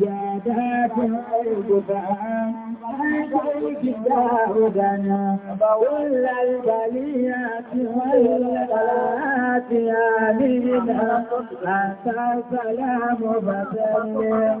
يا ذات الجفاء عليك داودنا وكل البليات والبلات يا لنا أنت السلام فسلم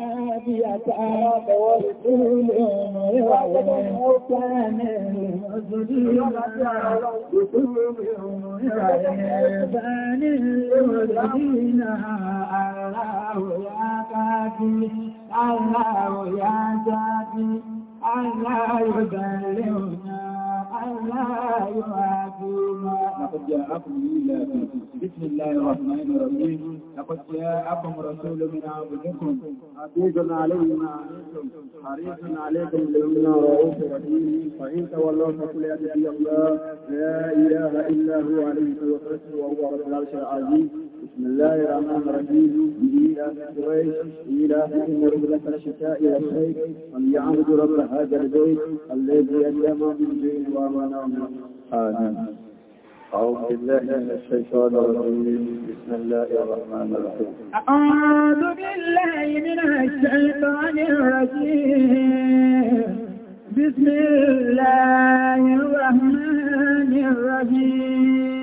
Allah ya zafi, Allah ya zafi, لقد جاءكم إلا بسم الله الرحمن الرحيم لقد جاءكم رسول من عبدكم عزيز عليه ما عليكم حريص عليكم لمن رؤوف رحيم فإن تولوا فقل يا الله لا إله إلا هو عليه توكلت وهو رب العرش العظيم بسم الله الرحمن الرحيم إيلاف قريش إيلافهم رجلة الشتاء أن يعبد رب هذا البيت الذي ألم من بين وأمانا آمين أعوذ بالله من الشيطان الرجيم بسم الله الرحمن الرحيم أعوذ بالله من الشيطان الرجيم بسم الله الرحمن الرحيم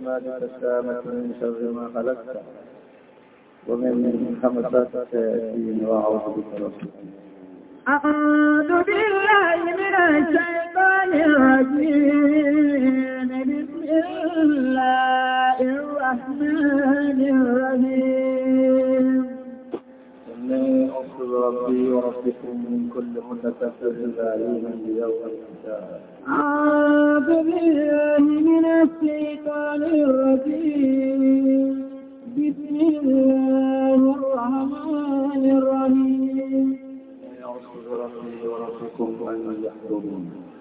الكمال السلامة من شر ما خلقت ومن همسات الدين وأعوذ بك أعوذ بالله من الشيطان الرجيم بسم الله الرحمن الرحيم أصل ربي وربكم من كل متكبر عليم بيوم القيامة أعوذ بالله من الشيطان الرجيم بسم الله الرحمن الرحيم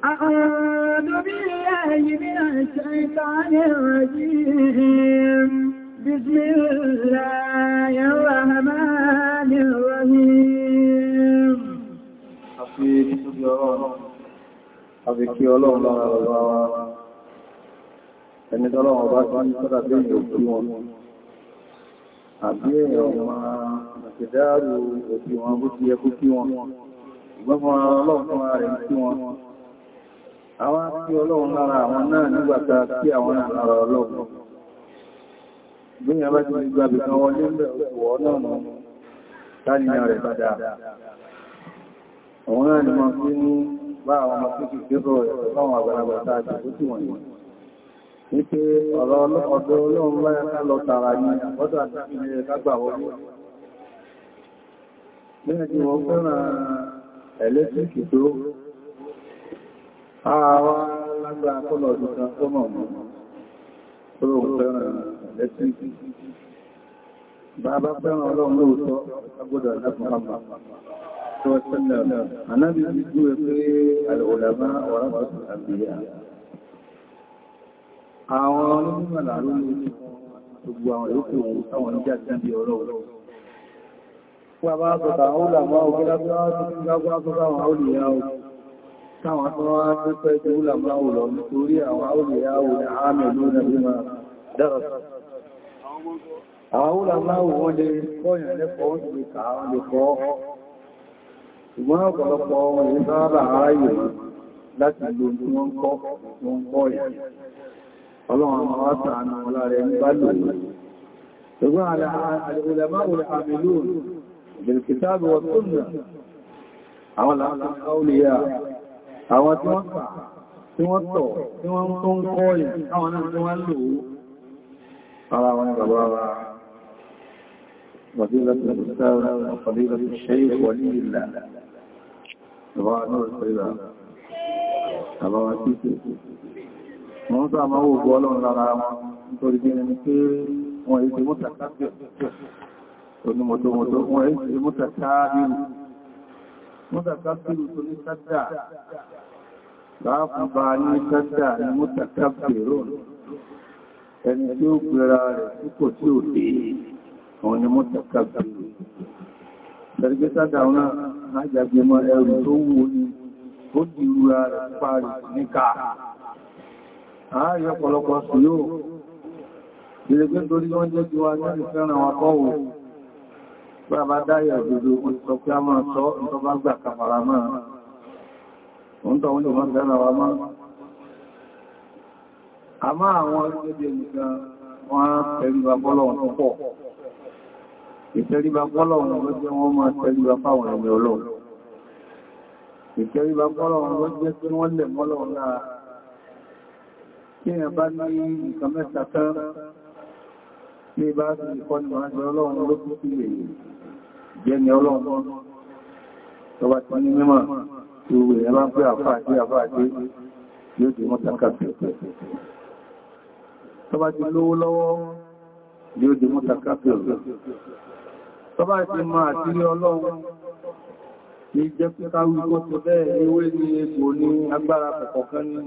أعوذ بالله من الشيطان الرجيم ọlọ́run lára bàbá wa ẹni tọ́lọ́run ọba tó ní sọ́dá bí èèyàn òkú wọn àbí èèyàn ọmọ àtẹ̀dáàrù òkú wọn bó ti ẹkú kí wọn ìgbọ́fún ọlọ́run fún ara rẹ̀ kí wọn àwọn kí ọlọ́run lára àwọn náà nígbàta kí àwọn lára ọlọ́run bí i abájú gbàbì kan wọlé ń bẹ̀ wọ́ náà nù táníyàn rẹ̀ padà àwọn náà ni wọ́n fi ní bá àwọn ọmọ tó ti gbébọ̀ láwọn àgbàlagbà tààjì tó ti wọ̀nyí. Wípé ọ̀rọ̀ ọ̀dọ̀ Ọlọ́run láyá ká lọ tààrà ní àbọ́dọ̀ àti ilẹ̀ kágbà wọlé. Bẹ́ẹ̀ ni wọ́n fẹ́ràn ẹ̀lẹ́tíríkì tó àwa lágbà kọ́lọ̀ ìdíkan tó mọ̀ mọ́. Tó fẹ́ràn ẹ̀lẹ́tíríkì. وسلم النبي يقول العلماء ورثة الأنبياء àwọn olóògbà làrú ní gbogbo àwọn ìlúkù àwọn ìjá jẹ́bi ọlọ́wọ́. wà bá tọ̀tà àwọn olàmọ́ ògbẹ́lábíwá tó ń gbágbá tó bá àwọn olùyáwó táwọn àtọwà tó pẹ́ tó olàmọ́ òlọ́ nítorí àwọn olùyáwó ní àmì lónà bí ṣùgbọ́n ọ̀pọ̀lọpọ̀ ọmọ yìí sáábà aráyè láti lo tí wọ́n kọ́ wọn kọ́ ẹ̀ ọlọ́run àwọn àtàánà ọlá rẹ̀ ń bá lò ṣùgbọ́n alẹ́gbẹ̀lẹ́máwòrẹ̀ àmìlú ìbìrìkìtàbí wọn tó nà àwọn tí wọ́n tọ̀ tí wọ́n tó ń kọ́ ẹ̀ àwọn náà tí wọ́n lò ara wọn bàbá wa وفضيلة الأستاذ وفضيلة الشيخ ولي الله bàbá wa náà ṣẹlá bàbá wa títẹ̀ wọ́n sá máa wò bọ́ ọlọ́run lára wọn nítorí bí ẹni pé wọ́n èsì mútàkábẹ̀ onímọ̀tọ́mọ̀tọ́ wọ́n èsì mútàkábẹ̀ mútàkábẹ̀ tó ní sádà láàfúnbà ní sádà ní mútàkábẹ̀ rọ̀ ẹni ajàgbẹ̀mọ́ ẹrù tó wù ní ó di ìrúra rẹ̀ parí níka ààyè ọ̀pọ̀lọpọ̀ sí yóò ìrẹgbẹ́ torí wọ́n jẹ́ tiwa lẹ́rìn fẹ́ràn akọ́wò bàbá dáyà òdòdó wọ́n sọ pé a máa sọ ìtọ́bá gbà kàfàrà máa àwọn ẹgbẹ́ ìtẹríba fọ́lọ̀run ló jẹ́ wọ́n máa tẹríba fáwọn ẹni ọlọ́run ìtẹríba fọ́lọ̀run ló jẹ́ kí wọ́n lẹ̀ mọ́lọ̀run lára kí ẹ bá ní nǹkan mẹ́ta tán tí bá sí ìkọ́ni ọ̀rọ̀ ọlọ́run ló kú sí èyí jẹ́ ni ọlọ́run tó bá ti ní mímọ̀ tí ó Tọ́bá ti máa ti rí ọlọ́run ní jẹ́ pípa wípé tó bẹ́ẹ̀ ewé ní egbò ní agbára kọ̀kọ̀ kan ní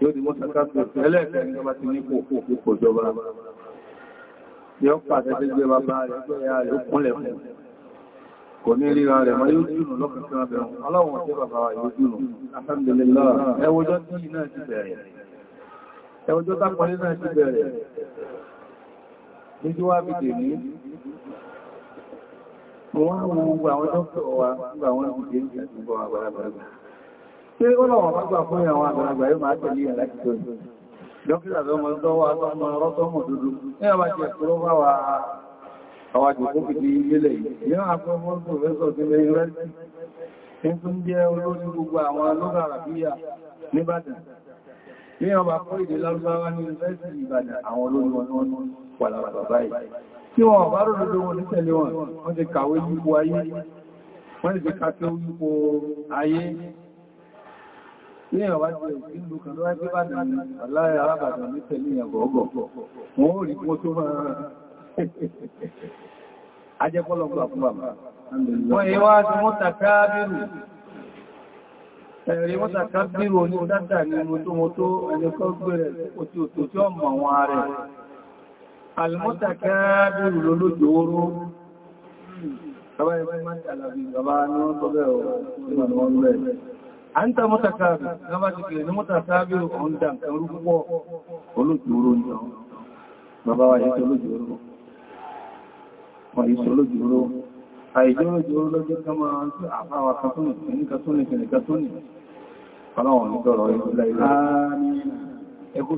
yóò di mọ́sàkátò ẹlẹ́ẹ̀kẹ́ ìjọba ti ní kòkó púpọ̀ jọba. Yọ́ pàtẹ́ sí gbé bàbá rẹ̀ pé ya rẹ̀ ó kúnlẹ̀ fún. Kò ní ríra rẹ̀ mọ́ yóò dùnù lọ́kànkan abẹ̀rún. Ọlọ́run tí bàbá wa yóò náà ti bẹ̀rẹ̀. Níjú wá bìdè ní Mo wá wọn gbogbo àwọn dọ́kítọ̀ wa gbogbo àwọn ìgbìyàn ìgbìyànjú àgbàlagbà. Ṣé ó lọ́wọ́ bá gbà fún àwọn àgbàlagbà yóò máa tẹ̀lé ẹ̀ láti tó yìí? Dọ́kítà tó mọ́ lọ́wọ́ àtọ́mọ ọlọ́tọ́mọ̀ dúdú. Ní àwọn àti ẹ̀kúrọ́ bá wa àwọn àjòkó fìdí ilé yìí. Yọ́ àpọ̀ mọ́ pòfẹ́sọ̀ sí yunifásitì. Ní tún jẹ́ olórí gbogbo àwọn lọ́gà àràbíyà níbàdàn. Ní ọba kọ́ ìdí lárúbáwá ní yunifásitì Ìbàdàn àwọn olórí wọn wà lára bàbá yìí tí wọ́n bá rọ̀ lórí wọn ní tẹ̀lé wọn wọ́n ti kàwé yípo ayé wọ́n ti kàtí yípo ayé ní ọ̀wá jẹ́ ìlú kan lọ́wọ́ tí bá dàn aláyé alábàdàn ní tẹ̀lé ẹ̀gọ̀ọ̀gọ̀ wọ́n ò rí kó tó máa ajẹ́kọ́lọ́gbà fún bàbá wọ́n yí wá ti mọ́tàkábírù ẹ̀rí mọ́tàkábírù oní almọ́tàkà bírù lólójò oró bàbá ẹgbẹ́ mọ́tàlàbí bàbá ní wọ́n sọ bẹ́ẹ̀ ọ̀ ìmọ̀nà wọn bẹ́ẹ̀ a ń ta mọ́tàkà bàbá ti kèrè ní mọ́tàkà bírù ọ̀ndà ẹ̀rú púpọ̀ olójò oró ní ọ bàbá wa yẹ́ olójò oró wọ́n yẹ́ olójò oró àìjọ́ olójò oró lọ́jọ́ kama àfáwà katúnì kìnnìkatúnì kìnnìkatúnì ọlọ́wọ̀n ní tọrọ ìlú ẹkú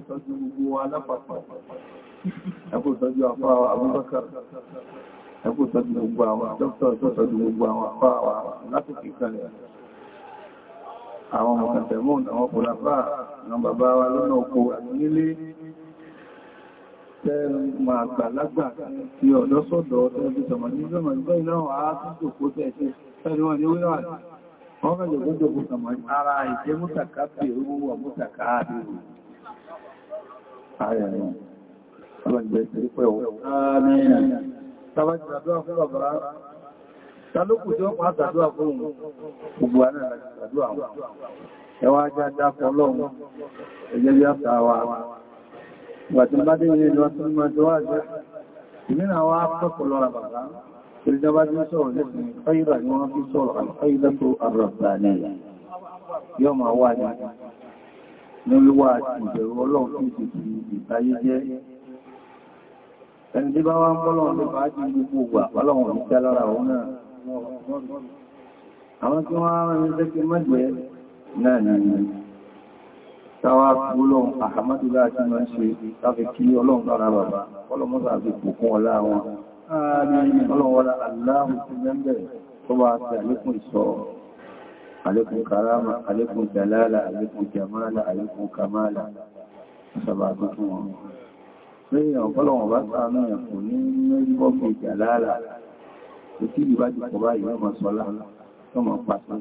ẹkù tọ́jú àpáwà abúbákàr ẹkù tọ́jú gbogbo àwọn dókítà tó tọ́jú gbogbo àwọn àpáwà látòkè kalẹ̀ àwọn mọ̀kàtẹ̀mọ́n àwọn kòlàfà àwọn bàbá wa lọ́nà oko àti nílé tẹ́ máa gbà lágbà tí ọ̀dọ́ sọ́dọ̀ tẹ́lẹ̀ tọmọ ní ìjọmọ̀ ìgbẹ́ ìlọ́wọ̀ àátúntò kó tẹ́ tẹ́lẹ̀ wọ́n ni ó náà wọ́n Ẹwà ajá dápọ̀ lọ́wọ́, ẹgbẹ́ bí àtà wa. Ìgbàtí bá dé ilé lọ sí ọmọ ẹjọ́ àjẹ́, ìmìnà wa pẹ́kọ̀ lọ́ra bàbá, ìrìnjọba jí sọ̀rọ̀ lẹ́sìn, ọ̀yíra ni wọ́n fi sọ̀rọ̀ àlọ́yílẹ́tò àrọ̀bà nìyà. Yọ́ ma wà ní wíwá àti ìbẹ̀rù ọlọ́run ẹni tí bá wá ń bọ́ lọ́wọ́ tó bá jí gbogbo wà ọlọ́wọ́ ní tẹ́ lọ́ra òun náà àwọn tí wọ́n rán ní sẹ́kẹ́ mẹ́gbẹ́ náà ni táwà gbólọ́n àhàmádùlá àti máa ń ṣe láfi kí ọlọ́run lọ́ra bàbá ọlọ́mọ́sà àti pòkún ọlá wọn ọlọ́run wọ́la lẹ́yìn ọ̀pọ̀lọ̀wọ̀n bá sàánú ẹ̀kù ní mẹ́rìnbọ́gbì ìjàlára ìtí ìbá ti kọ̀ báyìí yọ́ máa sọ́lá yọ́ máa pàtó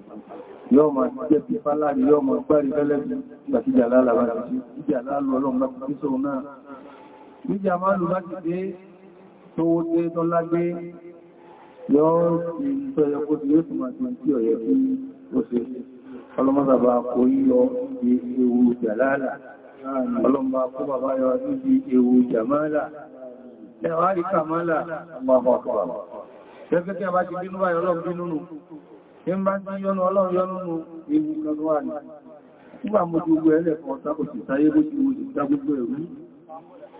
yọ́ máa jẹ́ ti fáláàrí yọ́ máa gbárí fẹ́lẹ́bí àti ìjàlára bá ti ìjàlára ọlọ́run bá ti sọ náà níjà máa lù bá ti dé tó ó dé tó lágbé yọ́ ti tọ́yọ kó ti yóò tún máa tí ọ̀yẹ́ fún ó ṣe ọlọ́mọ́sàbà kò yíyọ ewu ìjàlára ọlọ́mbà kó bàbá yọ níbi ewu jàmálà ẹwà rí kàmálà àpapọ̀ àkọ̀bàbà Gẹ́gẹ́ tí a bá ti bínú báyìí ọlọ́run bínú nù, ń bá ń yọ́nú ọlọ́run yọ́nú nù ewu kan wà ní. Nígbà mo ti gbogbo ẹlẹ́ fún ọ̀tá kò sì sáyé bó ti wo sì dá gbogbo ẹ̀rú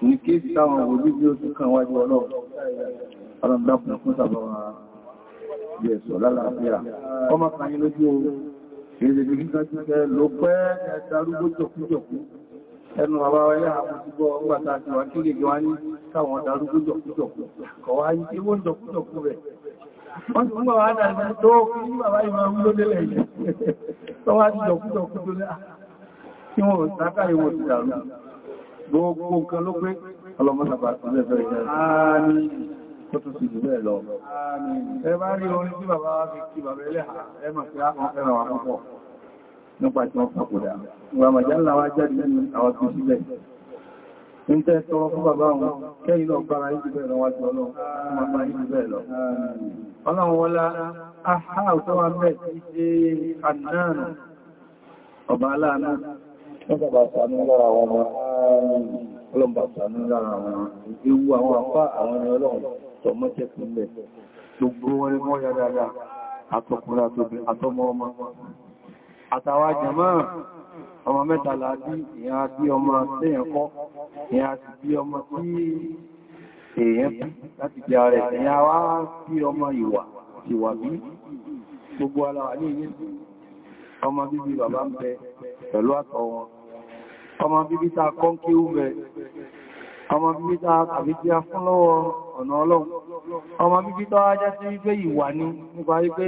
ní kéèsì ẹnu àbáwá yá àpùsùgbọ́ ọgbàta àti wà kí lè gbọ́ ní káwọn darúgbó jọkújọkú kọ̀wá yí tí wọ́n jọkújọkú rẹ̀ wọ́n ti gbọ́ wá dàrí tó kí bàbá ìmọ̀ ń ló délẹ̀ yìí tó wá ti jọkújọkú tó lẹ́ ah, kí wọ́n sáká ìwọ̀n ti dàrú gbogbo nǹkan ló pé ọlọ́mọ́sàbà tó lẹ́ fẹ́ Tó tún sí jù bẹ́ẹ̀ Ẹ bá rí orin tí bàbá wá fi kí bàbá ẹlẹ́hà, ẹ sí á fẹ́ràn wà púpọ̀ nípa tí wọ́n pàkòdà. Ìwàmàjá ńlá wá jáde nínú àwọn tó sílẹ̀. Ń tẹ́ tọrọ fún bàbá wọn, kẹ́yìn lọ bára ìjì bẹ̀rẹ̀ wá jọ lọ, wọ́n máa ìjì bẹ̀rẹ̀ lọ. Ọlọ́run wọlá, àhá òtọ́ wa bẹ̀ sí ṣe àdínàrùn ọba aláàánú. Wọ́n bàbá sànú lára wọn mọ́, Ewu àwọn àpá àwọn ẹni ọlọ́run tọmọ́tẹ́ fún bẹ̀. wọn ni wọ́n yá dáadáa, àtọkùnrin àtọmọ ọmọ àtàwà jẹmọ́ ọmọ mẹ́tàlá bí ìyàn bí ọmọ tẹ́yàn kọ́ ìyàn sì bí ọmọ tí èèyàn láti bí ààrẹ ìyàn wá bí ọmọ ìwà ìwà bí gbogbo aláwà ní ilé ọmọ bíbí bàbá ń bẹ pẹ̀lú àtọ̀ ọmọ bíbí ta kọ́ tí a fún lọ́wọ́ ọ̀nà ọlọ́run ọmọ bíbí tọ́ ajá sí wípé ìwà ní nípa wípé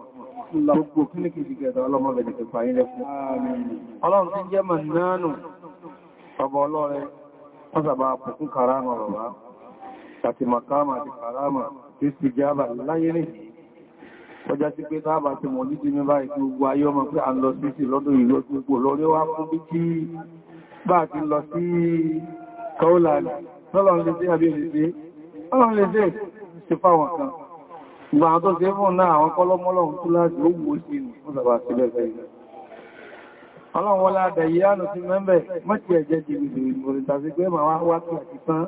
gbogbo kí ní kì í ti gẹ̀ẹ́dà ọlọ́mọ̀lẹ̀ ti pa ilẹ̀ fún. Ọlọ́run tí jẹ́ mọ̀ nánù, ọba ọlọ́rẹ, wọ́n sàbà pùkún karama rọ̀ wá, àti makama àti karama, tí sì jábà láyé ní. Ọjá sí pé tábà ti mọ̀ nídi mi báyìí tí gbogbo ayé ọmọ pé à ń lọ sí sí lọ́dún ìlú gbogbo lórí wá fún bí kí bá ti lọ sí Kaulani. Ọlọ́run lè sí àbí lè ọlọ́run lè sí, ti fáwọn kan. Ìgbà tó ṣe fún náà àwọn kọlọmọlọ ń kú láti ó wò sí fún sàbà sílẹ̀ fẹ́ Ọlọ́run wọ́n láàdẹ̀ yìí ánù sí mẹ́mẹ́ mọ́tí ẹ̀jẹ́ ti gbèsè ìgbòrì tàbí pé ma wá ní gbèsè.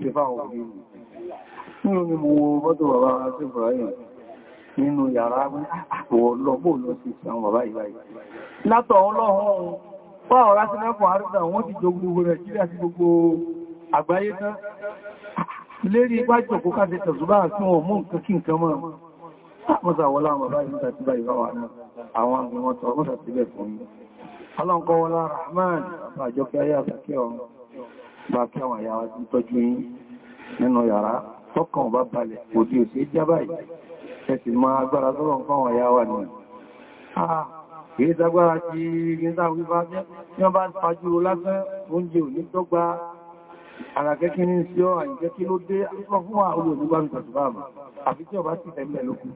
ṣe fáwọn òbí mi. Nínú ni wọ́n bọ́dọ̀ bàbá Ibrahim nínú yàrá àpòwọ̀ ah, ah, lọ́pọ̀ lọ sí àwọn bàbá ìbáyìí látọ̀ ọlọ́run fún àwọn ará sílẹ́kùn àrídà wọ́n ti jọ gbogbo Nàìjíríà sí gbogbo àgbáyé tán lérí ìgbájọ̀ kó káàkiri tẹ̀sùbá àti wọn mú nǹkan kí nǹkan mọ́ ah, mọ́sàwọ́lá àwọn bàbá ìbáyìí tàbí báyìí bá wà náà àwọn àmì wọn tọ́ mọ́sàtíbẹ̀ fún mi ọlọ́nkọwọlá rahman àjọkẹ́ ayé àtàkẹ́ ọ̀run bá kí àwọn àyàwó ti tọ́jú yín nínú yàrá tọ́kàn bá balẹ̀ òdí òsè jábáyìí ẹ̀sì ma agbára tọ́lọ̀ fáwọn ẹ̀yà wà ní ah, èyí tagbára ti gíńsà wípá tí wọ́n bá fajú lásán oúnjẹ ò ní tọ́gbà àràkẹ́kí ní sí ọ́ àìjẹ́ kí ló dé àpọ̀ fún àwọn olùgbà ìtàṣùbàmù àfi tí ọba ti tẹ̀lẹ̀ lókù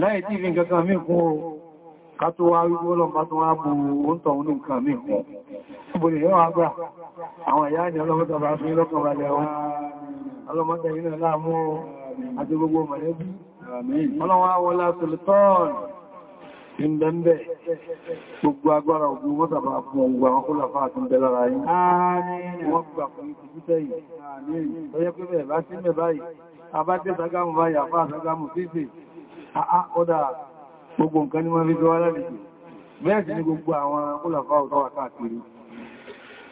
láì tí ìrìn kankan mí fún o ká tó gbogbo mọ̀lẹ́bí ọlọ́wọ́ awọ́lá sultan ìbẹ̀m̀bẹ̀ gbogbo agbára ògùn wọ́n tàbà fún ọgbà wọn kó làfáà tún bẹ lára yìí wọ́n gbà fún ìtìsítẹ́ yìí ọjọ́ pé bẹ̀rẹ̀ bá sí mẹ́ báyìí abájẹ́ sàgámù báyìí àfáà sàgámù fífì àkọ́dà gbogbo nǹkan ní wọ́n fi jọ wá lálejò bẹ́ẹ̀ sì ni gbogbo àwọn kó làfáà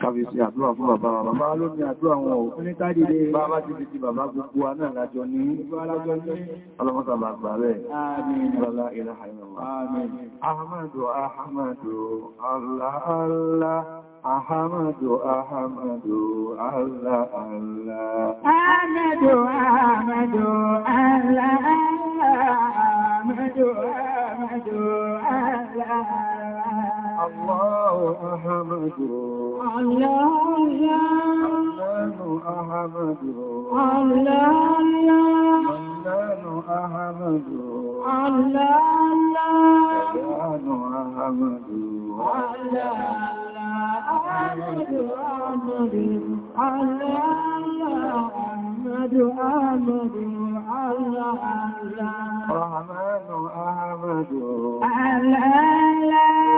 kàbíyèsí àdúrà fún bàbá wa bàbá ló ní àdúrà wọn ò fún ní tàdìdé bàbá ti fi ti bàbá gbogbo wa náà lájọ ní ọlọ́mọ́ta bàbá ahmadu ahmadu allah allah ahmadu ahmadu allah allah ahmadu ahmadu allah ahmadu ahmadu allah Allahu Ahmadu. Allahu Ahmadu. Allahu Ahmadu. Allahu Ahmadu. Rahmanu Ahmadu. Allah, Allah.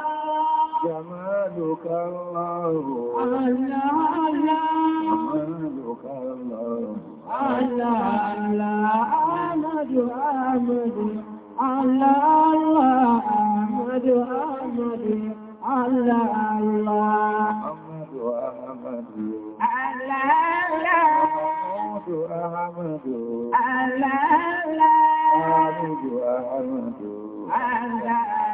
جمالك الله الله الله جمالك الله الله الله أحمد أحمد الله الله أحمد أحمد الله الله أحمد أحمد الله الله أحمد الله الله أحمد أحمد الله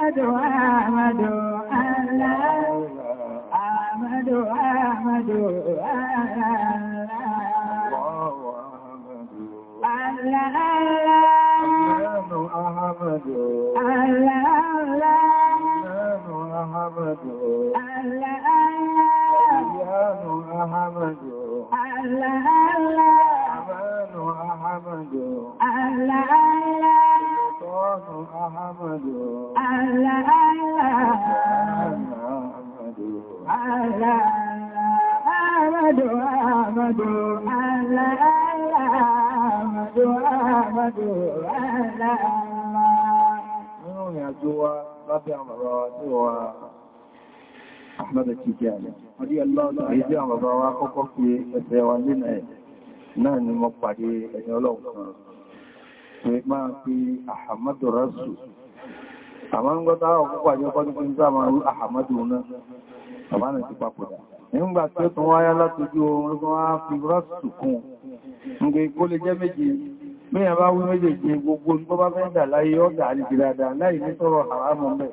Ahmadu Ahmadu Allah Ahmadu Ahmadu Allah Allah Ahmadu Allah Allah Ahmadu Allah Allah Ahmadu Allah Allah أمان أحمد أهلا أهلا سلطان أحمد Náà ni mo pàdé ẹni ọlọ́run kan, pé máa fi Ahmadu Rasul àmá ń gbọ́ta ọkùnkùn àjọ ọkọ́dún tí a máa rú àhàmádù náà bàbá náà ti papòdà nígbà tí ó tún wáyá látojú oorun tó wá fi rọ́sù kún nígbà kó lè jẹ́ méje mẹ́yàn bá wí méje gbogbo tó bá fẹ́ dà láyé ọ́dà àlejì láì ní sọ́rọ̀ àrámọ́ mẹ́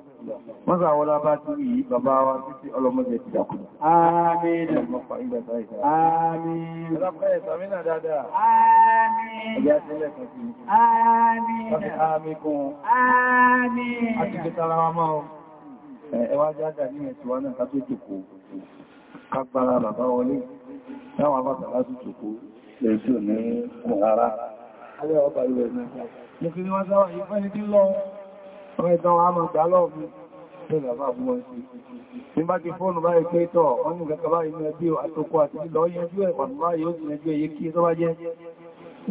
wọ́n sà wọ́lá bá tí yìí bàbá wa títí ọlọ́mọdé ti dàkùn. Àmín. Ọlọ́pàá ìgbà tàí tàí. Àmín. Ọlọ́pàá ìsàmínà dáadáa. Àmín. Ọjọ́ àti ilẹ̀ kan sí. Àmín. Ọjọ́ àmì kún. Àmín. A ti gbé tara wa máa ẹwà jágà ní ẹ̀tùwà náà ká tó jòkó. Kágbára bàbá wọlé. Táwọn abá tàbá náà. Mo Tí bá ti fóònù báyìí pé tọ́, wọ́n ní ìgbàkà báyìí ní ẹbí àtòkò àti lọ yẹnjú ẹ̀ pàtàkì báyìí ó ti ẹjọ́ èyí kí tó bá jẹ́.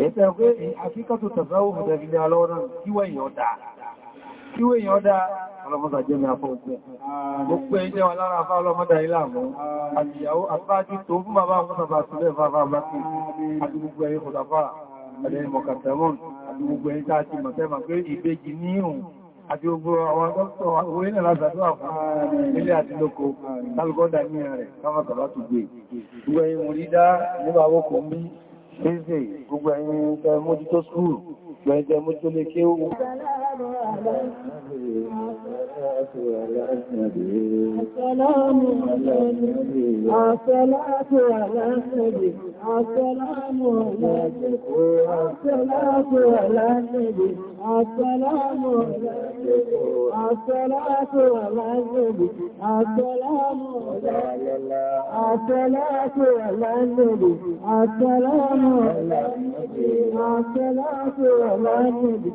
Èyí tẹ́ pé àkíkàtò tàbáwò fẹ̀fẹ̀fẹ̀ alọ́rọ̀ kíwẹ̀ èèyàn dáa. Kíwẹ̀ èèyàn dáa, ọlọ́mọdà jẹ́ mi afọ́ ogun. Gbogbo ẹjẹ́ wa lára afá ọlọ́mọdà ilá mú. Àtìyàwó àtìbájí tó fún bàbá àwọn bàbá sílẹ̀ bàbá bá ti àti gbogbo ẹ̀yẹ kò àti gbogbo àwọn ọ̀tọ̀ orí náà lásàdúwà fún ilé àti lóko tálùgọ́dà ní rẹ̀ kámọ́kàlá tó gbé gbogbo ẹ̀yin mú dídá nígbà àwọ́kò mí ṣíṣe gbogbo ẹ̀yin tẹ mójútó skúù gbẹ̀ẹ́jẹ mójútó lé kéwú السلام على النبي الصلاة على النبي السلام على الصلاة على النبي السلام الصلاة على النبي السلام الصلاة على النبي السلام الصلاة على النبي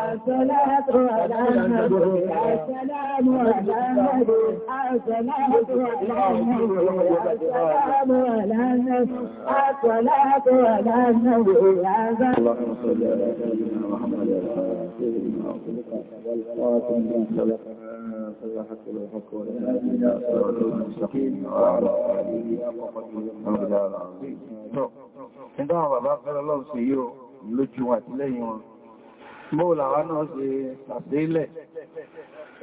الصلاة على النبي السلام على النبي الصلاة على النبي السلام على النبي الصلاة على النبي اللهم صل على سيدنا محمد وعلى آله وصحبه صلحت له الحق والهدى الصراط المستقيم وعلى آله وقدره العظيم. Ìjọba bàbá fẹ́rẹ̀ lọ́wọ́ sí yóò lójú àtìlẹ́yìn wọn. bóòlà wá náà ṣe àṣílẹ̀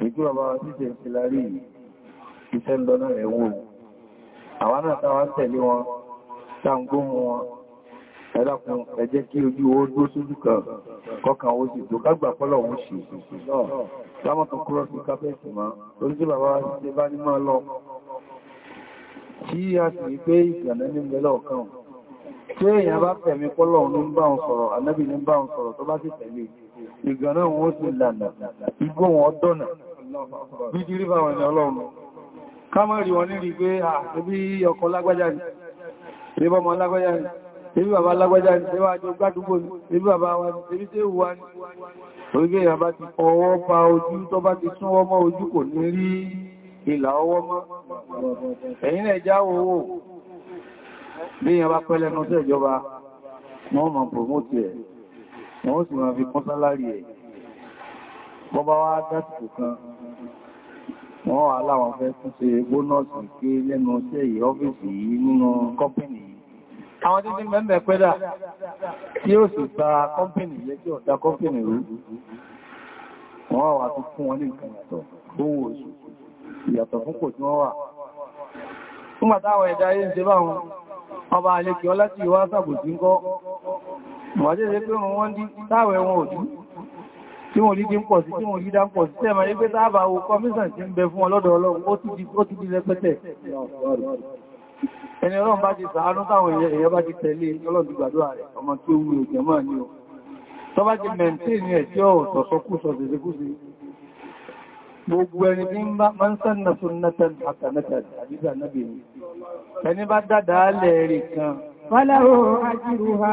ìgbé ọba títẹ ìfìlárí iṣẹ́ ń lọ́nà rẹ̀ wò àwọn náà tàwà tẹ̀lé wọn tàǹgbó wọn ẹ̀dàkùn ẹ jẹ́ kí ojú ó dúró sójú kan kọkàn ó sì tó kágbà pọ́lọ̀ wọ́n ṣe lámọ́tàn kúrọ̀ sí kápẹ́ẹ̀tì máa torí tí bàbá ṣe bá ní máa lọ tí a sì rí pé ìgbàná ní ìgbẹ́lẹ̀ ọ̀kan tí èèyàn bá tẹ̀mí pọ́lọ̀ ní ń bá ń sọ̀rọ̀ ànábì ní ń bá ń sọ̀rọ̀ tó bá sì tẹ̀lé e, ìgbàná wọn sì lànà igbó wọn dọ́nà bí jírí bá wọn ni ọlọ́run kámọ́rì wọn nírí pé àbí ọkọ lágbájá ni ẹbí ọmọ lágbájá ni ẹbí bàbá lágbájá ni ẹbí àjọ gbádùgbò ni ẹbí bàbá wa ni ẹbí tí wà ní orílẹ̀ èyàn bá ti ọwọ́ pa ojú tó bá ti súnwọ́ mọ́ ojú kò ní rí ìlà ọwọ́ mọ́ ẹ̀yìn náà já owó bí èyàn bá pẹ́lẹ́nu sí ìjọba wọ́n mọ̀ promote ẹ̀ ni wọ́n sì máa fi kún sálárì ẹ̀ bọ́bá wá dásìkò kan wọ́n wà láwọn fẹ́ tún ṣe bónọ́sì ké lẹ́nu iṣẹ́ yìí ọ́fíìsì yìí nínú kọ́pìnì yìí àwọn títí mẹ́mẹ́ pẹ́dà tí ó sì ta kọ́pìnì yẹ tí ọ̀dá kọ́pìnì rú wọ́n wà tó fún wọn ní nǹkan yàtọ̀ owó oṣù ìyàtọ̀ fún kò tí wọ́n wà fún àtàwọn ẹ̀dá ayé ń ṣe báwọn ọba àlekì ọlá tí ìwá sàbòsí ń kọ́ wọ́n jẹ́ pé wọ́n dí táwẹ̀ wọn ò dí tí wọ́n dídí ń pọ̀ sí tí wọ́n dídá ń pọ̀ sí tẹ́mà ní pé táàbà wo kọmíṣàn tí ń bẹ fún ọlọ́dọ̀ ọlọ́run ó ti di rẹpẹtẹ ẹni ọlọ́run bá ti ṣàánú táwọn èèyàn bá ti tẹ̀lé e, ọlọ́run gbàdúrà rẹ̀ ọmọ tí ó wù ẹ̀jẹ̀ máa ní ọ tó bá ti mẹ̀ntẹ́ ní ẹ̀tí ọ̀tọ̀ sọkúsọ tẹ̀sẹ̀kúsí gbogbo ẹni tí máa ń sánà sunnatan hasanatan àdíjà náà bèèrè ẹni bá dádàálẹ̀ rẹ̀ kan Fọ́láwó ajíruha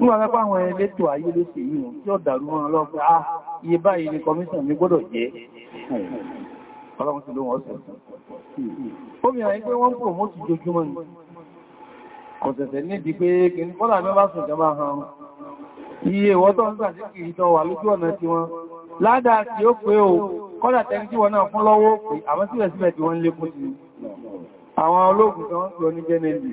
Nígbà mẹ́pá àwọn elétò ayé ló sì yìí tí ó dàrú wọn lọ́pẹ́ á ah, iye báyìí ni kọmíṣàn mi gbọ́dọ̀ jẹ́. Ọlọ́run sí ló wọ́n sọ. Omi àyí pé wọ́n promote jojúmọ́ ni. Kọ̀sẹ̀sẹ̀ nídi pé kìí fọ́lá mi bá sùn jọba hàn. Iye ìwọ́ tó ń gbà sí kìí tọ wà lójú ọ̀nà tí wọn. Ládàá tí pé o, kọ́dà tẹni tí wọn náà fún lọ́wọ́ pé àwọn síbẹ̀síbẹ̀ tí wọ́n lékún sí. Àwọn ológun kan ń pè ọ ní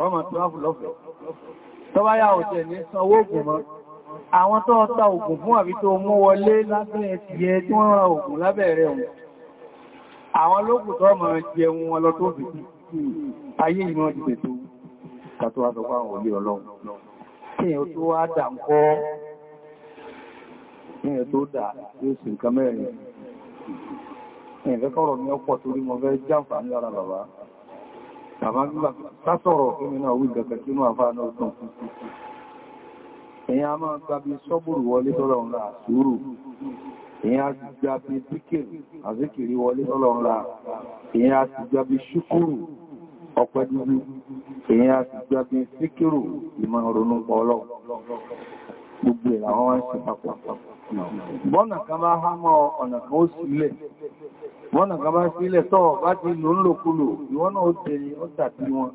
ọmọ tíwáfù lọ́fẹ̀ẹ́ tọ́bá yà òjẹ̀ ní sanwó ògùn mọ́ àwọn tó ọta ògùn fún àbí tó mú wọlé lábẹ́ ẹ̀tìyẹ tí wọ́n ra ògùn lábẹ́ẹ̀rẹ̀ wọn àwọn lókùn tó mọ̀ jẹun wọn lọ tó fi ayé ìmọ̀ ìgbẹ̀ tó kàtó àtọ́kọ́ àwọn olè ọlọ́run kí èyàn tó wá dà ń kọ́ èyàn tó dà yóò sì nǹkan sásọ̀rọ̀ fún iná orí gẹ̀gẹ̀ kí inú àfáà náà tàn fún sí sí èyàn a máa gbábi sọ́bùrù wọlé tọ́lọ̀un la sùúrù èyàn a ti gbábi díkìr àzíkìrí wọlé tọ́lọ̀un la èyàn a ti gbábi ṣúkúrù ọpẹ́ dúdú èyàn a ti gbábi síkìrù ìmọ̀ ìrònú pọ̀lọ̀ gbogbo ẹ̀ àwọn wá ń ṣe papọ̀. Bọ́nà kan bá há mọ́ ọ̀nà kan ó sílẹ̀. Bọ́nà kan bá sílẹ̀ tọ́ bá ti lò ń lòkulò, ìwọ́n náà ó tẹ̀lé ó tàbí wọn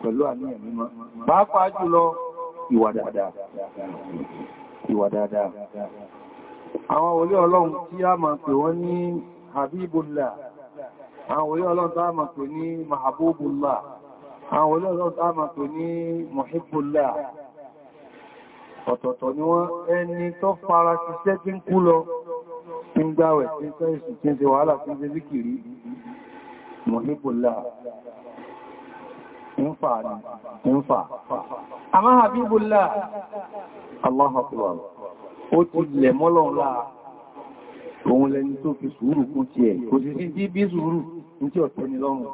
pẹ̀lú àníyàn mímọ́. Pàápàá jùlọ Àwọn olé ọlọ́run tí máa pè ní Habibullah. Àwọn olé ọlọ́run tí Mahabubullah. Àwọn olé ọlọ́run tí a ọ̀tọ̀ọ̀tọ̀ ni wọ́n ẹni tó fara ṣiṣẹ́ tí ń kú lọ tí ń gbáwẹ̀ tí ń sọ èsù tí ń ṣe wàhálà tí ń ṣe zíkìrí mọ̀híbùlá ń fà ní ń fà àmá Habibulá Allahu Akbar ó ti lẹ̀ mọ́lọ̀lá òun lẹni tó fi sùúrù kún ti ẹ̀ kò sí sí bí sùúrù ní tí ọ̀tẹ́ ni lọ́rùn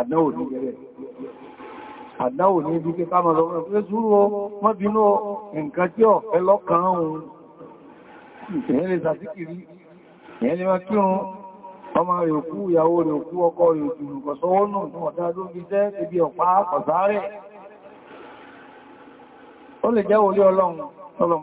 àdánwò ní gẹ́rẹ̀ àdáwò ní ibi kí káàmà lọ pé sùúrù o mọ́ bínú nǹkan tí ọ̀ fẹ́ lọ́kàn ohun ìyẹn lè sàtíkìrí ìyẹn lè máa kírun ọmọ rẹ̀ òkú ìyàwó rẹ̀ òkú ọkọ rẹ̀ òjùrù kọ̀sọ́wọ́ náà fún ọ̀dá ló fi jẹ́ ibi ọ̀pá kọ̀sárẹ̀ ó lè jẹ́ olé ọlọ́run ọlọ́run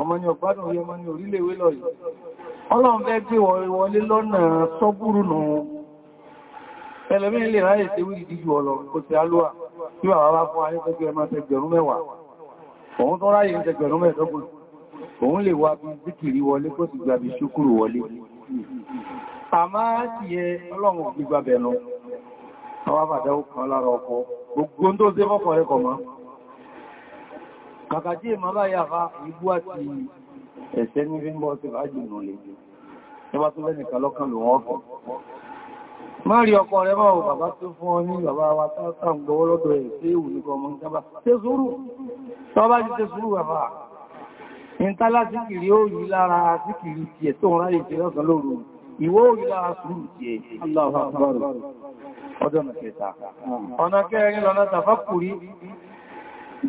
ọmọ ni ọ̀gbádùn orí ọmọ ni orílẹ̀-èwé lọ yìí ọlọ́run fẹ́ gbé wọlé lọ́nà sọ́búrù nù ẹlẹ́mí ilé ráyè tí wí ìdíjú ọlọ kò sí alúwà tí wà wá fún ayé tẹ́gbẹ̀ ẹmà tẹgbẹ̀rún mẹ́wàá òun tó ráyè tẹgbẹ̀rún mẹ́ẹ̀dọ́gbọ̀n òun lè wá bí zíkìrí wọlé kó sì gbàbí ṣúkúrù wọlé àmá ti yẹ ọlọ́run gbígbàbẹ̀ lọ àwọn àbàdà ó kan lára ọkọ̀ gbogbo tó dé mọ́kọ̀ rẹ̀ kọ̀ mọ́ Kàkà tí èmà bá yàfá ìbú àti ẹ̀ṣẹ́ ní bí mọ́ sí fàájì nù lè jù. Ẹbá tó lẹ́nì kàlọ́kàn lò wọ́n fọ́. Má rí ọkọ rẹ máa bàbá tó fún ọ ní bàbá wa tátà ń gbọ́wọ́ lọ́dọ̀ ẹ̀ sí ìwù ní ọmọ ìjábá. Ṣé sùúrù? Tọ́ bá jí ṣe sùúrù bàbá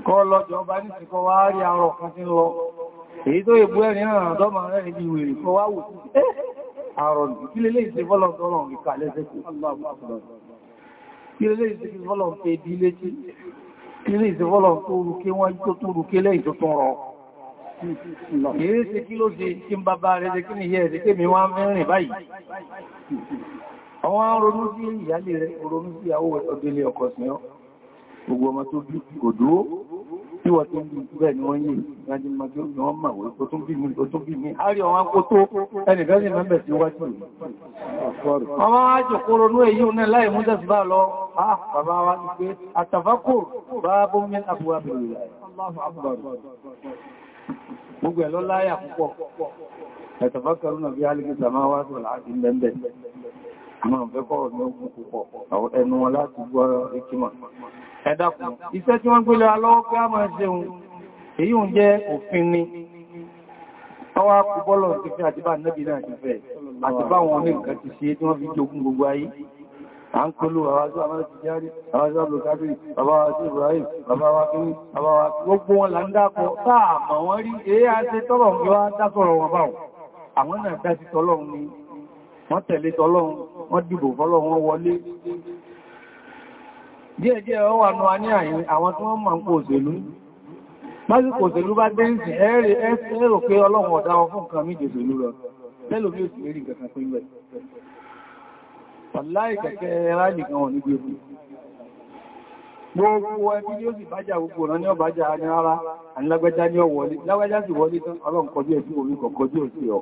kọ́ lọ́jọ́ bá ní ti kọ́ wá rí àwọn ọ̀kan tí lọ èyí tó èbú ẹ̀rin ràn dọ́mà rẹ̀ ní ìwèrè kọ́ wá wò sí eh, ẹ́ àrọ̀ kílélé ìsẹ́fọ́lọ̀ tọ́rọ̀ ìkà lẹ́sẹ̀kù kílélé ìsẹ́fọ́lọ̀ tó di létí kílélé ìsẹ́fọ́lọ̀ tó rúké wọ́n tó tó rúké rẹ̀ ṣe ni yẹ́ ẹ̀ṣẹ́ kémi wá mẹ́rin sí ìyálé rẹ̀ ronú ọkọ̀ sí ọ́ gbogbo ọmọ tó bí kò dúró tí wọ́n tó ń bí bẹ́ẹ̀ ni wọ́n yìí láti máa tí ó ní wọ́n màwé kò tó bí mi kò tó bí mi àárí ọmọ kó tó ẹnìkan sí mẹ́bẹ̀ tí wájú ọmọ ájò kóró ní èyí àwọn ọ̀fẹ́kọ̀ọ́ ní ogun púpọ̀ ẹnu wọn láti gbọ́ ikima ẹ̀dàkùn iṣẹ́ tí wọ́n gbélé alọ́wọ́ pé a máa ṣeun èyí ń jẹ́ òfin ni ọwá kúbọ́lọ̀ ti fẹ́ àti bá nẹ́bì náà ti fẹ́ àti bá wọn ní nǹkan ti ṣe tí wọ́n fi jogún gbogbo ayé à ń kólú àwájú àmájújárí àwájú àbùkárí bàbá wa sí Ibrahim bàbá wa kí bàbá wa gbogbo wọn là ń dákọ táà mọ̀ wọ́n rí èé a àwọn náà dá sí tọ́lọ́run ni wọ́n tẹ̀lé tọ́lọ́run wọ́n dìbò fọ́lọ́run wọlé díẹ̀díẹ̀ ọ wà náà àwọn tí wọ́n bá dẹ́ǹsì ẹ́rì pé ọlọ́run ọ̀dá fún méje bí rí pín pàláì kẹ̀kẹ́ kan wọ̀n níbi òkú gbogbo ẹbí ni ó sì bájà gbogbo ọ̀nà ní ọbájà ní ní ọwọ́lé sì wọlé tán ọlọ́run kọjú orí òsì ọ̀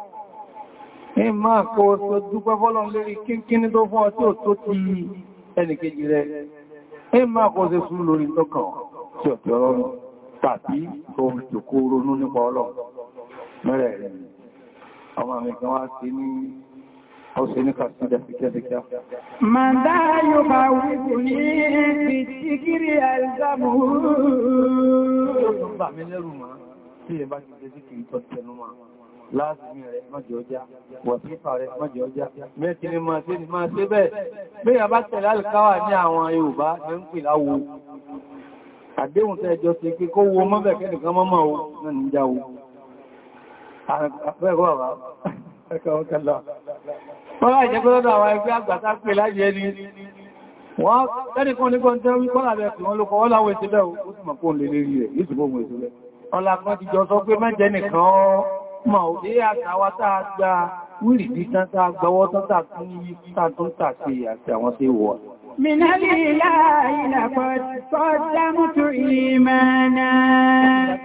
kí máa kó tó dúpẹ́ fọ́lọ́n lórí kínkíní tó fún ọtí ò tó ti ẹnìkejì rẹ̀ kí máa kó ṣe sùúrù lórí tọ́kàn tí ọ̀tí ọlọ́run tàbí ohun ìjòkó ronú nípa ọlọ́run mẹ́rẹ̀ rẹ̀ ọmọ mi kan wá sí ní ó sì tí ẹ ti jẹ́ sí kìí tọ́ tẹnu máa láàrin rẹ̀ mọ́jọ ọjá wọ̀sífà rẹ̀ mọ́jọ ọjá mẹ́kiri máa ṣe ni máa ṣe bẹ́ẹ̀ bí a bá tẹ̀lé alìkáwà ní àwọn Yorùbá ní ń pè láwo àdéhùn tẹ́jọ ti pé kó wo mọ́bẹ̀ kẹ́nìkan mọ́mọ́ o náà ní jáwo wọ́n láì jẹ́ pé lọ́dọ̀ àwọn ẹgbẹ́ àgbàtà pè láyé ẹni wọ́n tẹ́nìkan ní kọ́ jẹ́ wípọ́ làbẹ̀ ọlá kan ma ò lé àtàwà táa gba wíìrì títán táa gbọwọ́ tọ́ta tún yí tàtún tàti àti àwọn tí wọ́n. Minali láàrínà kọ̀dámútù ìmẹ́nà.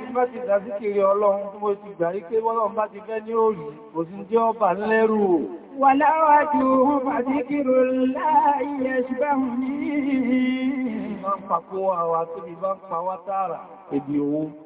Ìgbà ti ìdásíkiri ọlọ́run tí mo ti gbà rí pé wọ́n bá ti fẹ́ ní òòrùn, kò sí jẹ́ ọba lẹ́rù. Wà bá ti kírò láàáyẹ owó.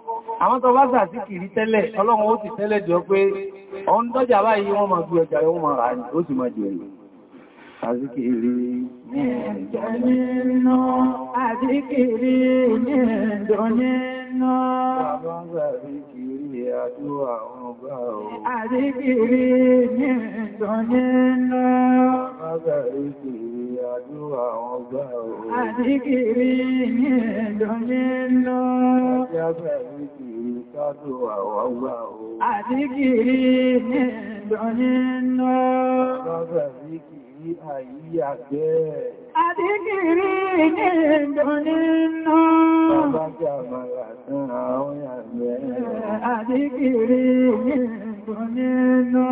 àwọn tó bá sà kìrí tẹ́lẹ̀ ọlọ́run ó ti tẹ́lẹ̀ jọ pé ọ̀n dọ́jà báyìí wọ́n máa bí ọjà wọ́n máa rà ní ó sì máa jẹ èrè àzíkìrí ní ẹ̀jọ́ nínú àzíkìrí ní ẹ̀jọ́ nínú àdúrà ọgbà ọ̀. Àríkìrí ní ìtọ́nínú. Àmọ́gàríkìrí àdúrà ọgbà ọ̀. Àríkìrí ní ìtọ́nínú. Àjẹ́bẹ̀ríkìrí kádùrà ọgbà ọ̀. Àríkìrí ní ìtọ́nínú. Àmọ́gàríkìrí àyíyàgbẹ́. Adékìrí ní ẹ̀dùn nínú. Bàbá jàmàlà tún àwọn ìyàgbẹ́. Adékìrí ní ẹ̀dùn nínú.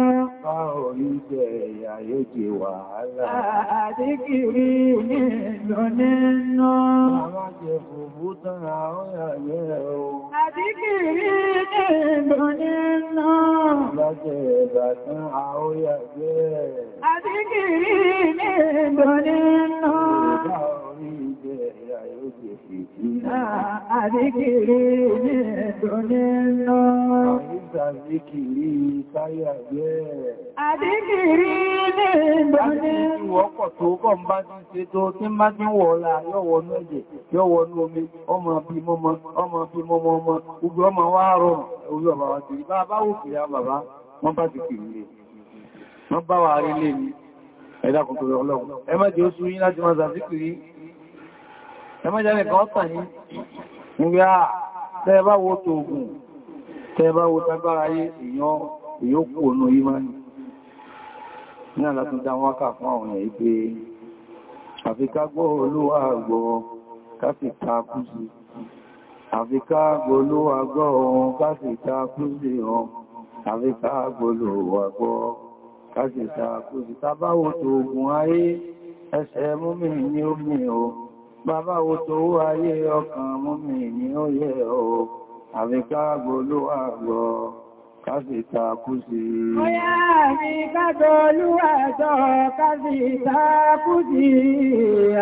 Báwo ní jẹ ìyà yóò jẹ wàhálà. Adékìrí ní ẹ̀dùn nínú. o bàjẹ́ bàtí àóyà jẹ́. Àdíkìrí ní ìgbò nínú. Àdíkìrí ní ẹ̀dùn nínú. Àdíkìrí táyà jẹ́. Àdíkìrí ní ẹ̀dùn nínú. Ìwọ́pọ̀ tó kọ́ ń bá ti ṣe tó tí má ti wọ̀ ọ̀la yọ́wọ̀ ní ẹ̀jẹ̀, yọ́wọ̀ ní omi, ọmọ bí mọ́mọ́, ọmọ bí mọ́mọ́ ọmọ, gbogbo ọmọ wá rọrùn, orí ọmọ wá ti rí. Bá bá wò kìí bàbá, wọ́n bá ti kìí lè. Wọ́n bá wà rí lè ní ẹ̀dàkùn tó rẹ̀ ọlọ́run. Ẹ ẹmọ́jáde kan tàn yí nígbé à ah, tẹ́ẹ̀bá wo tó ogun tẹ́ẹ̀bá wo tagbára yé èyàn kú ònà yí máa ní ní àlàtún dá wákà fún àwọn èyàn yí pé àfikà gbọ́ olówà gbọ́ káfíkà kú sí àfikà gbọ́ olówà gbọ́ ohun káfíkà kú sí ohun àfikà gbọ́ tàbáwò tó ogun ayé ẹsẹ̀ mú ní omi ohun bàbá wo tó ayé ọkàn mọ́mí ní ó yẹ o àfikà gbólúwà gbọ́ kásìta kú sí ọ̀yá àfikà gbólúwà gbọ́ kásìta kú sí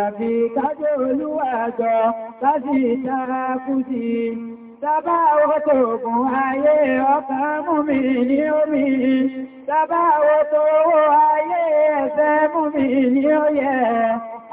àfikà gbólúwà gbọ́ kásìta kú sí Tàbá owó tó gùn ayé ọkàn mú mi ní omi, tàbá owó tó owó ayé ẹ̀fẹ́ mú ní ó yẹ,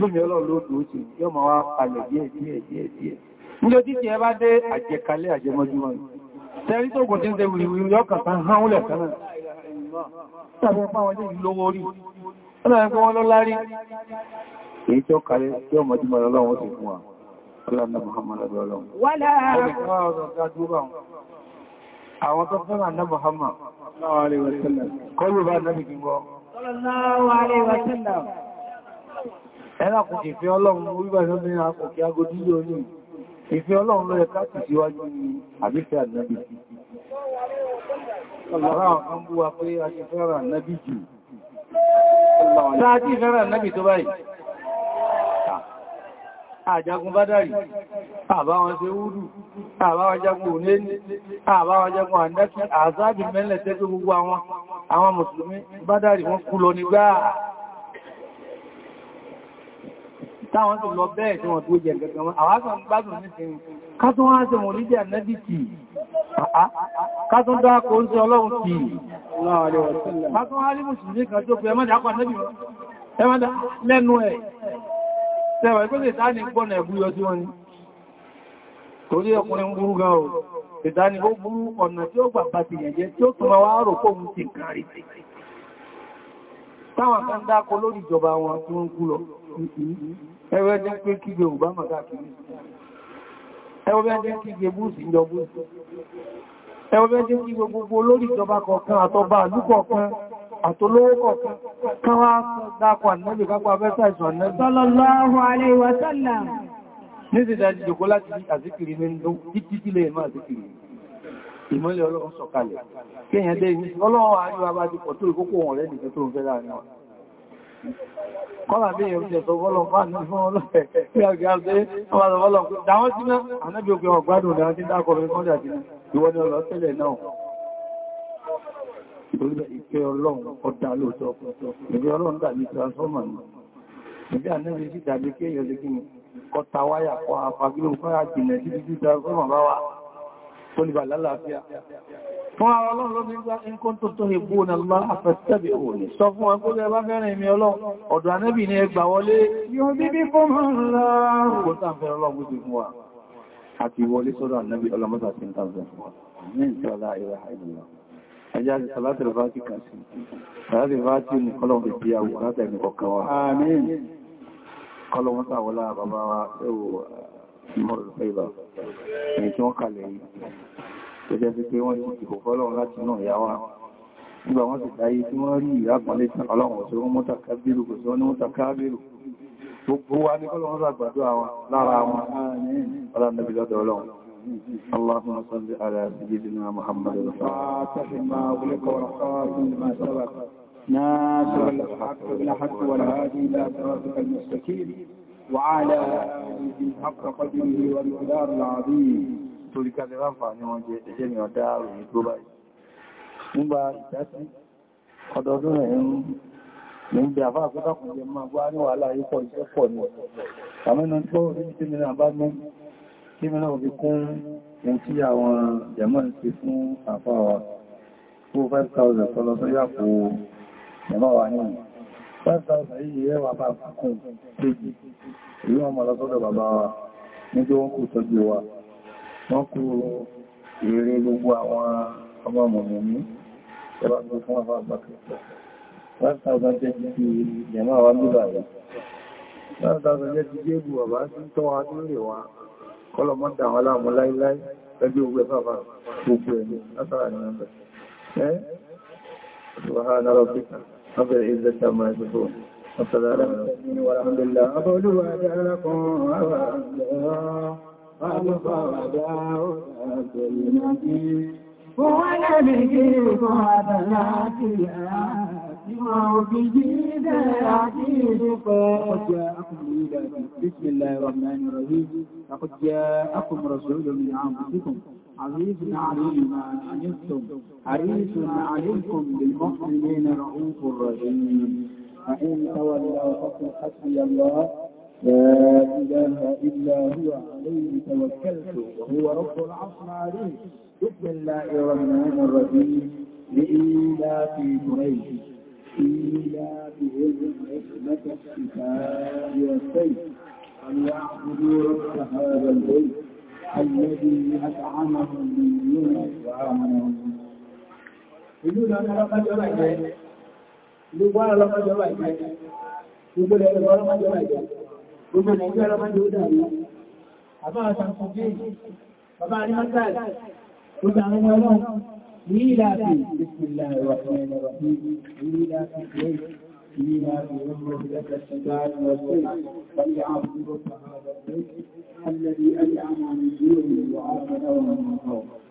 lómi ọlọ́lọ́dù ó ti yọ́ ma wá palẹ̀ díẹ̀ díẹ̀ díẹ̀ díẹ̀. Nílò títí ẹ bá dé àjẹkalẹ̀ àjẹmọ́júmọ́ rẹ̀. Tẹ́rí tó gùn tí ń tẹ wùrìwùrì ọkàn tán hán ó lẹ̀ kanáà. Tàbí ọpá wọn jẹ́ ìlówó orí. Ọlọ́rin pé wọ́n lọ lárí. Èyí tí ó kalẹ̀ tí ó mọ̀júmọ́ ọlọ́run ó sì fún wa. Ọlọ́run Muhammad ọlọ́run. Wọ́lá. Àwọn tó fẹ́ràn náà Muhammad. Sallallahu alaihi wa sallam. Kọ́lù bá náà bí kí wọ́n. Sallallahu alaihi wa sallam ẹ̀rà kò kì fẹ́ ọlọ́run orígbà ìrọ́mìnira kò kí agodí yóò ní ìfẹ́ ọlọ́run lọ́yẹ káàkì síwájú ní àbífẹ́ ànábì ọlọ́run kan bú wa pé a ti fẹ́ràn ànábì jù sáà tí fẹ́ràn ànábì tó báyìí àjagun bádàrí, àbáwọn ṣe wúrù, àbáwọn jagun òní, àbáwọn jagun àndákí, àzáàbì mẹ́lẹ̀ tẹ́gbẹ́ gbogbo àwọn mùsùlùmí bádàrí wọ́n kú lọ nígbàá táwọn tó lọ bẹ́ẹ̀ tí wọ́n tó jẹ gẹ̀gẹ̀ wọn àwásọ̀ ń gbádùn nísìnyí ká tún wá sí mọ̀lídì ànẹ́bì kì ká tún dá kó ń sí ọlọ́run kì ká tún wá rí mùsùlùmí kan tó pé ẹmọ́dà akọ ànẹ́bì ẹmọ́dà lẹ́nu ẹ̀ tẹwà ìpínlẹ̀ ìtàní gbọ́nà ẹ̀búyọ tí wọ́n ni torí ọkùnrin burú gan o ìtàní ó burú ọ̀nà tí ó gbàgbà ti yẹ̀jẹ́ tí ó tún ma wá rò pọ̀ ohun ti kàrí táwọn kan dákọ lórí ìjọba wọn tí wọ́n kú lọ ẹwẹ́ jẹ́ pé kígbe obama káàkiri ẹwẹ́ jẹ́ kígbe búùsì ìjọ búùsì ẹwẹ́ jẹ́ kígbe gbogbo olórí ìjọba kọ̀ọ̀kan àtọba àlúkọ̀ọ̀kan àtolówó kọ̀ọ̀kan káwà dákọ̀ ànẹ́bì kápọ̀ abẹ́sà ìṣọ̀ ànẹ́bì sallallahu alaihi wa sallam ní ti dájí jòkó láti àzíkiri ní ndó títí tí lè máa àzíkiri ìmọ́lẹ̀ ọlọ́run sọ̀kalẹ̀ kéèyàn dé ìmísí ọlọ́run àríwá bá ti pọ̀ tó ìkókò wọn rẹ̀ nìkan tó ń fẹ́ láàrin wọn Kọ́lá bí èèyàn jẹ́ tó bọ́lọ̀ bá ní fún ọlọ́pẹ̀ ní àgbà àti ọmọdé bọ́lọ̀. Dáwọn tí náà, ànábí ògbé ọgbádùn dáwọn tí dákọ̀ rẹ̀ kọ́jà jìnà ìwọ́n ni ọlọ́ tẹ́lẹ̀ náà. Ìgbé ọlọ́run ọdá lóòtọ́ ọ̀pọ̀ ìgbé ọlọ́run dà ní transformer ni. Ìgbé ànábí sí dàbí kéèyàn lé kí ni, kọta wáyà kọ àfagílò fáyà jìnà sí olùbà lálàáfíà. Fún àwọn ọlọ́run ló bí gbá in kó tó tó ìbú na lọ àfẹ́sẹ́bì òní. Sọ fún wọn kó jẹ bá fẹ́rẹ̀ ìmì ọlọ́run, ọ̀dọ̀ anẹ́bì ni ẹgbà wọlé. Yóò bí bí fún mọ́ ńlá. Kó tàn fẹ́ ọlọ́run bí fún wa. Àti wọlé sọ́dọ̀ anẹ́bì ọlọ́mọ́ta sí ń ẹni tí wọ́n kalẹ̀ yìí tó jẹ́ pé wọ́n ti kò fọ́lọ́run láti náà yá wá nígbà wọ́n sì dáyé tí wọ́n rí ìrápọ̀lẹ́ ọlọ́run اللهم صل على سيدنا محمد الفاتح ما أغلق ورقاتم ما سبق ناصر الحق بالحق والهادي لا ترافق المستقيم وعلى آله حق قدره والمدار العظيم torí kálẹ̀ ráfà ní wọ́n jẹ ẹjẹ́ mi ọ̀dá òyìn tó báyìí. nígbà ìdásí ọdọọdún rẹ̀ ń ní ń bẹ àfá àkọ́kọ́ jẹ máa gbá ní wàhálà ikọ̀ iṣẹ́ pọ̀ ní àmẹ́nà tó rí tí mìíràn bá mú kí mìíràn 5,000 tọ́lọ tó yàpò jẹ̀mọ́ 5,000 yìí yẹ́ wà bá fún péjì ìlú ọmọ lọ́sọ́dọ̀ bàbá wa níbi wọ́n kú tọ́jú wa wọ́n kú èrè gbogbo àwọn ọmọ mọ̀mọ̀mí tọ́bá tó fún àfá àgbàkẹ́kẹ́ 5,000 jẹ́ ti jẹ̀mọ́ àwọn nígbà rẹ̀ 5,000 jẹ́ ti jébù bàbá sí tọ́ wa tó rè wa wọn láàmú láíláí ogun ẹ̀fà gbogbo ẹ̀mí látara ní ọ̀bẹ̀ ẹ́ رب العزة عما يصفون والسلام عليكم ورحمة الله قولوا وجعلكم الله هو نبيك وبنات الآت وبه ذاتي قد جاءكم بسم الله الرحمن الرحيم لقد جاءكم رسول من أنفسكم عزيز عليم ما عنتم حريص عليكم بالمؤمنين رؤوف رحيم فإن تولوا فقل حسبي الله لا إله إلا هو عليه توكلت وهو رب العرش العظيم بسم الله الرحمن الرحيم لإيلاف قريش إيلافهم حكمة الشفاء والسيف أن يعبدوا رب هذا البيت الذي أطعمهم من جوع وآمنهم ìlú ìlọ́nà ọlọ́pàájọ́ bàjẹ́ gbogbo ọlọ́pàájọ́ bàjẹ́ gbogbo ẹ̀rọ ọlọ́pàájọ́ bàjẹ́ gbogbo nàìjíríà ọlọ́pàájọ́ ó dàrí àbáwọn sàmsùn bí bàbá ní mọ́tàlì ó dàrí ní ọlọ́run ní ìlàfẹ́ ìpínlẹ̀ ìwàfẹ́ ìrọ̀lẹ́ ìlàfẹ́ ìlẹ́yìn ìlàfẹ́ ìrọ̀lẹ́ ìlẹ́kẹ̀ẹ́ الذي أجعل من دونه وآخذهم من فوق